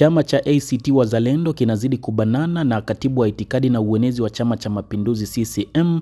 Chama cha ACT Wazalendo kinazidi kubanana na katibu wa itikadi na uenezi wa Chama cha Mapinduzi CCM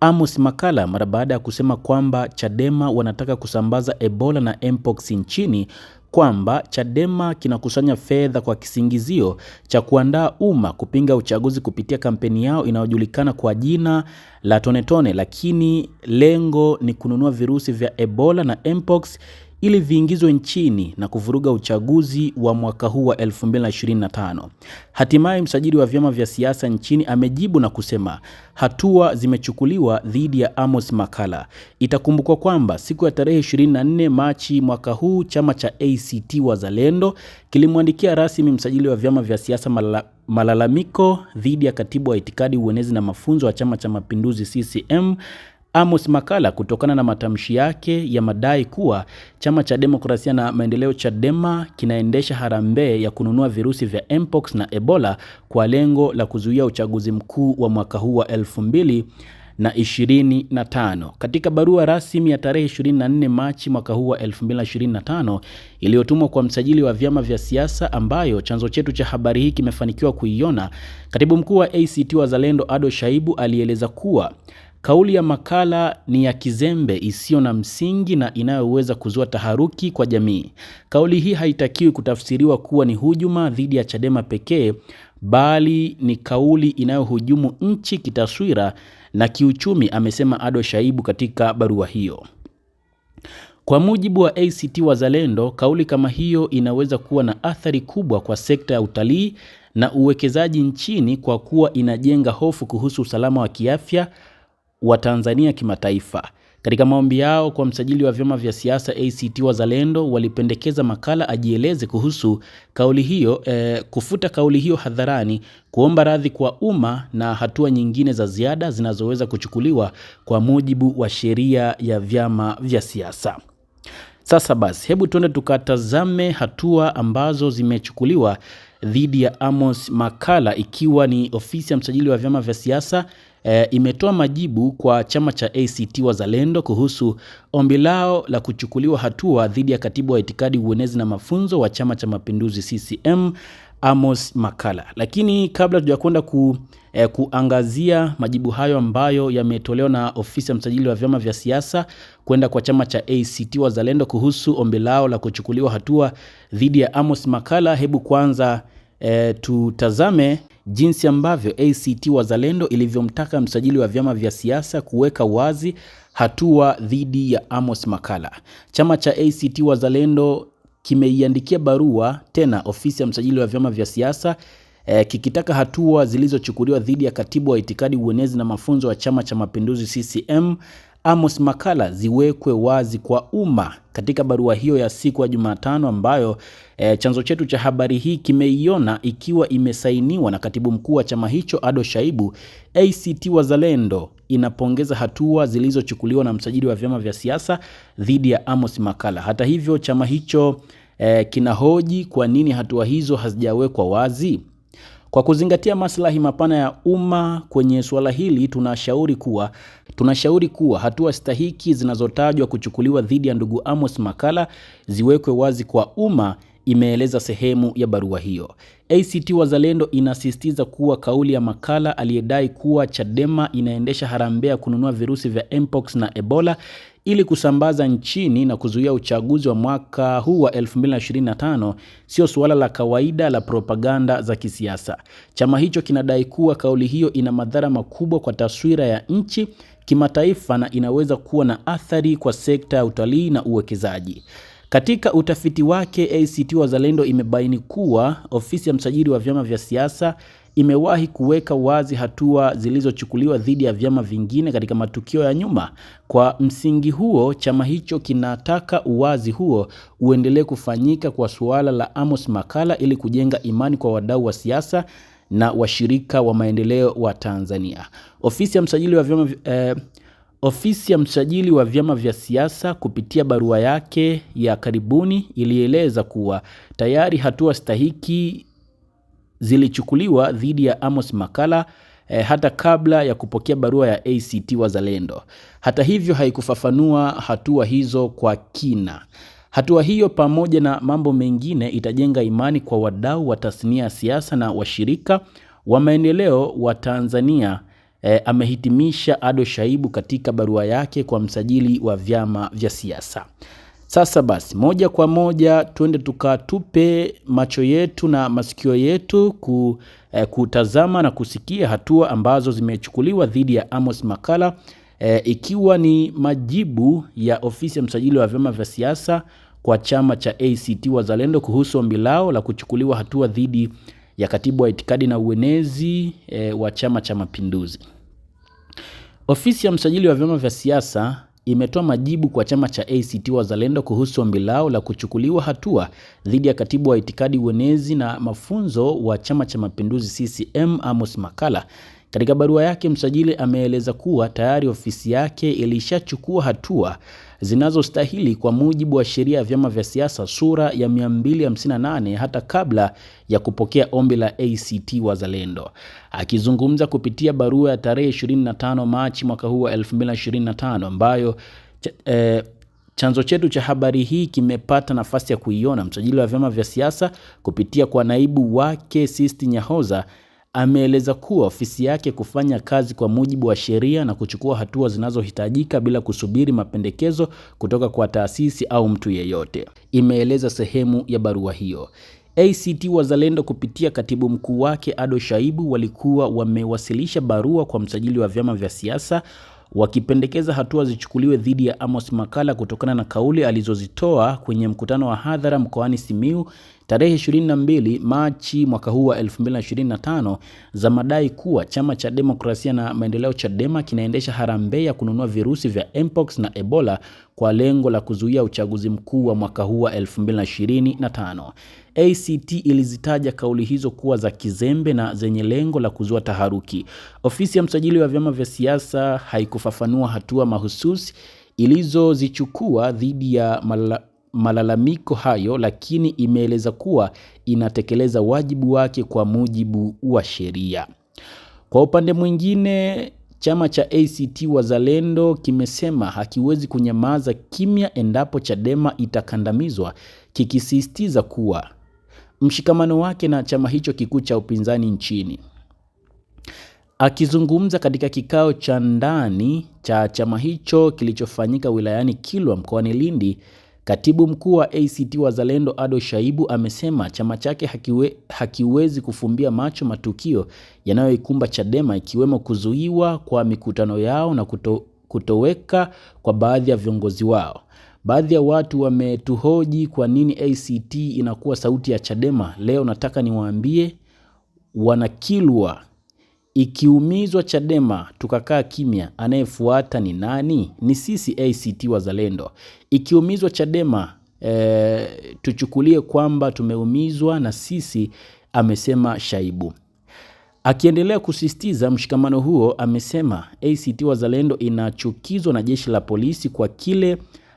Amos Makala mara baada ya kusema kwamba Chadema wanataka kusambaza Ebola na Mpox nchini, kwamba Chadema kinakusanya fedha kwa kisingizio cha kuandaa umma kupinga uchaguzi kupitia kampeni yao inayojulikana kwa jina la Tonetone, lakini lengo ni kununua virusi vya Ebola na Mpox ili viingizwe nchini na kuvuruga uchaguzi wa mwaka huu wa 2025. Hatimaye msajili wa vyama vya siasa nchini amejibu na kusema hatua zimechukuliwa dhidi ya Amos Makala. Itakumbukwa kwamba siku ya tarehe 24 Machi mwaka huu chama cha ACT Wazalendo kilimwandikia rasmi msajili wa vyama vya siasa malala malalamiko dhidi ya katibu wa itikadi, uenezi na mafunzo wa Chama cha Mapinduzi CCM Amos Makala kutokana na matamshi yake ya madai kuwa chama cha demokrasia na maendeleo Chadema kinaendesha harambee ya kununua virusi vya mpox na Ebola kwa lengo la kuzuia uchaguzi mkuu wa mwaka huu wa elfu na 25. Katika barua rasmi ya tarehe 24 Machi mwaka huu wa 2025 iliyotumwa kwa msajili wa vyama vya siasa ambayo chanzo chetu cha habari hii kimefanikiwa kuiona, Katibu Mkuu wa ACT Wazalendo Ado Shaibu alieleza kuwa Kauli ya makala ni ya kizembe isiyo na msingi na inayoweza kuzua taharuki kwa jamii. Kauli hii haitakiwi kutafsiriwa kuwa ni hujuma dhidi ya Chadema pekee bali ni kauli inayohujumu nchi kitaswira na kiuchumi, amesema Ado Shaibu katika barua hiyo. Kwa mujibu wa ACT Wazalendo, kauli kama hiyo inaweza kuwa na athari kubwa kwa sekta ya utalii na uwekezaji nchini kwa kuwa inajenga hofu kuhusu usalama wa kiafya wa Tanzania kimataifa. Katika maombi yao kwa msajili wa vyama vya siasa ACT Wazalendo walipendekeza Makalla ajieleze kuhusu kauli hiyo eh, kufuta kauli hiyo hadharani, kuomba radhi kwa umma na hatua nyingine za ziada zinazoweza kuchukuliwa kwa mujibu wa sheria ya vyama vya siasa. Sasa basi, hebu tuende tukatazame hatua ambazo zimechukuliwa dhidi ya Amos Makalla, ikiwa ni ofisi ya msajili wa vyama vya siasa e, imetoa majibu kwa chama cha ACT Wazalendo kuhusu ombi lao la kuchukuliwa hatua dhidi ya katibu wa itikadi, uenezi na mafunzo wa Chama cha Mapinduzi CCM Amos Makala. Lakini kabla tujakwenda ku, eh, kuangazia majibu hayo ambayo yametolewa na ofisi ya msajili wa vyama vya siasa kwenda kwa chama cha ACT Wazalendo kuhusu ombi lao la kuchukuliwa hatua dhidi ya Amos Makala, hebu kwanza eh, tutazame jinsi ambavyo ACT Wazalendo ilivyomtaka msajili wa vyama vya siasa kuweka wazi hatua dhidi ya Amos Makala. Chama cha ACT Wazalendo kimeiandikia barua tena ofisi ya msajili wa vyama vya siasa E, kikitaka hatua zilizochukuliwa dhidi ya katibu wa itikadi, uenezi na mafunzo wa Chama cha Mapinduzi CCM Amos makala ziwekwe wazi kwa umma katika barua hiyo ya siku ya Jumatano ambayo e, chanzo chetu cha habari hii kimeiona ikiwa imesainiwa na katibu mkuu wa chama hicho Ado Shaibu. ACT Wazalendo inapongeza hatua zilizochukuliwa na msajili wa vyama vya siasa dhidi ya Amos makala Hata hivyo, chama hicho e, kinahoji kwa nini hatua hizo hazijawekwa wazi. Kwa kuzingatia maslahi mapana ya umma kwenye suala hili, tunashauri kuwa tunashauri kuwa hatua stahiki zinazotajwa kuchukuliwa dhidi ya ndugu Amos Makalla ziwekwe wazi kwa umma imeeleza sehemu ya barua hiyo. ACT Wazalendo inasisitiza kuwa kauli ya makala aliyedai kuwa Chadema inaendesha harambea kununua virusi vya Mpox na Ebola ili kusambaza nchini na kuzuia uchaguzi wa mwaka huu wa 2025 sio suala la kawaida la propaganda za kisiasa. Chama hicho kinadai kuwa kauli hiyo ina madhara makubwa kwa taswira ya nchi kimataifa na inaweza kuwa na athari kwa sekta ya utalii na uwekezaji. Katika utafiti wake, ACT Wazalendo imebaini kuwa ofisi ya msajili wa vyama vya siasa imewahi kuweka wazi hatua zilizochukuliwa dhidi ya vyama vingine katika matukio ya nyuma. Kwa msingi huo, chama hicho kinataka uwazi huo uendelee kufanyika kwa suala la Amos makala ili kujenga imani kwa wadau wa siasa na washirika wa maendeleo wa Tanzania. Ofisi ya msajili wa vyama eh, Ofisi ya msajili wa vyama vya siasa kupitia barua yake ya karibuni ilieleza kuwa tayari hatua stahiki zilichukuliwa dhidi ya Amos makala eh, hata kabla ya kupokea barua ya ACT Wazalendo. Hata hivyo, haikufafanua hatua hizo kwa kina. Hatua hiyo pamoja na mambo mengine itajenga imani kwa wadau wa tasnia ya siasa na washirika wa maendeleo wa Tanzania e, amehitimisha Ado Shaibu katika barua yake kwa msajili wa vyama vya siasa. Sasa basi, moja kwa moja twende tukatupe macho yetu na masikio yetu ku, e, kutazama na kusikia hatua ambazo zimechukuliwa dhidi ya Amos makala e, eh, ikiwa ni majibu ya ofisi ya msajili wa vyama vya siasa kwa chama cha ACT Wazalendo kuhusu ombi lao la kuchukuliwa hatua dhidi ya katibu wa itikadi na uenezi e, wa Chama cha Mapinduzi. Ofisi ya msajili wa vyama vya siasa imetoa majibu kwa chama cha ACT Wazalendo kuhusu ombi lao la kuchukuliwa hatua dhidi ya katibu wa itikadi uenezi na mafunzo wa Chama cha Mapinduzi CCM Amos makala katika barua yake, msajili ameeleza kuwa tayari ofisi yake ilishachukua hatua zinazostahili kwa mujibu wa sheria ya vyama vya siasa sura ya 258 hata kabla ya kupokea ombi la ACT Wazalendo. Akizungumza kupitia barua ya tarehe 25 Machi mwaka huu wa 2025 ambayo eh, chanzo chetu cha habari hii kimepata nafasi ya kuiona, msajili wa vyama vya siasa kupitia kwa naibu wake Sisti Nyahoza ameeleza kuwa ofisi yake kufanya kazi kwa mujibu wa sheria na kuchukua hatua zinazohitajika bila kusubiri mapendekezo kutoka kwa taasisi au mtu yeyote, imeeleza sehemu ya barua hiyo. ACT Wazalendo kupitia katibu mkuu wake Ado Shaibu walikuwa wamewasilisha barua kwa msajili wa vyama vya siasa wakipendekeza hatua zichukuliwe dhidi ya Amos makala kutokana na kauli alizozitoa kwenye mkutano wa hadhara mkoani simiu tarehe 22 Machi mwaka huu wa 2025 za madai kuwa chama cha demokrasia na maendeleo Chadema kinaendesha harambee ya kununua virusi vya Mpox na Ebola kwa lengo la kuzuia uchaguzi mkuu wa mwaka huu wa 2025. ACT ilizitaja kauli hizo kuwa za kizembe na zenye lengo la kuzua taharuki. Ofisi ya msajili wa vyama vya siasa haikufafanua hatua mahususi ilizozichukua dhidi ya mala malalamiko hayo, lakini imeeleza kuwa inatekeleza wajibu wake kwa mujibu wa sheria. Kwa upande mwingine, chama cha ACT Wazalendo kimesema hakiwezi kunyamaza kimya endapo Chadema itakandamizwa, kikisisitiza kuwa mshikamano wake na chama hicho kikuu cha upinzani nchini. Akizungumza katika kikao cha ndani cha chama hicho kilichofanyika wilayani Kilwa mkoani Lindi, Katibu mkuu wa ACT Wazalendo Ado Shaibu amesema chama chake hakiwe, hakiwezi kufumbia macho matukio yanayoikumba Chadema ikiwemo kuzuiwa kwa mikutano yao na kuto, kutoweka kwa baadhi ya viongozi wao. Baadhi ya watu wametuhoji kwa nini ACT inakuwa sauti ya Chadema. Leo nataka niwaambie wanakilwa, ikiumizwa Chadema tukakaa kimya, anayefuata ni nani? Ni sisi ACT Wazalendo. Ikiumizwa Chadema e, tuchukulie kwamba tumeumizwa na sisi, amesema Shaibu. Akiendelea kusisitiza mshikamano huo, amesema ACT Wazalendo inachukizwa na jeshi la polisi kwa kile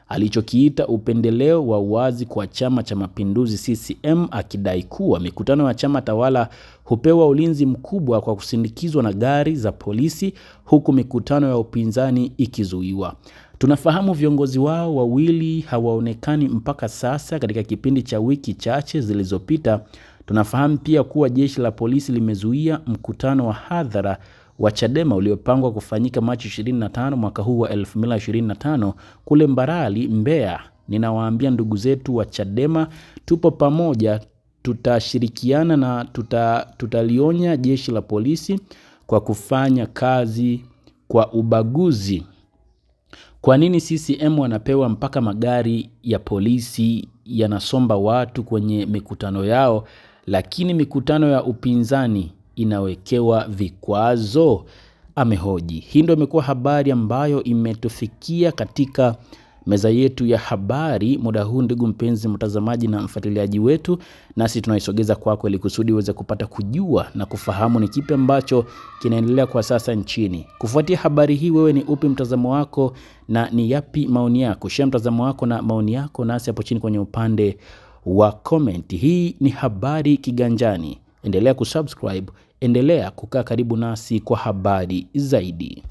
alichokiita upendeleo wa uwazi kwa Chama cha Mapinduzi CCM akidai kuwa mikutano ya chama tawala hupewa ulinzi mkubwa kwa kusindikizwa na gari za polisi huku mikutano ya upinzani ikizuiwa. Tunafahamu viongozi wao wawili hawaonekani mpaka sasa katika kipindi cha wiki chache zilizopita. Tunafahamu pia kuwa jeshi la polisi limezuia mkutano wa hadhara wa Chadema uliopangwa kufanyika Machi 25 mwaka huu wa 2025 kule Mbarali, Mbeya. Ninawaambia ndugu zetu wa Chadema, tupo pamoja, tutashirikiana na tuta, tutalionya jeshi la polisi kwa kufanya kazi kwa ubaguzi. Kwa nini CCM wanapewa mpaka magari ya polisi yanasomba watu kwenye mikutano yao, lakini mikutano ya upinzani inawekewa vikwazo? Amehoji. Hii ndio imekuwa habari ambayo imetufikia katika meza yetu ya habari muda huu, ndugu mpenzi mtazamaji na mfuatiliaji wetu, nasi tunaisogeza kwako ili kusudi uweze kupata kujua na kufahamu ni kipi ambacho kinaendelea kwa sasa nchini. Kufuatia habari hii, wewe ni upi mtazamo wako na ni yapi maoni yako? Share mtazamo wako na maoni yako nasi hapo chini kwenye upande wa comment. Hii ni habari Kiganjani. Endelea kusubscribe, endelea kukaa karibu nasi kwa habari zaidi.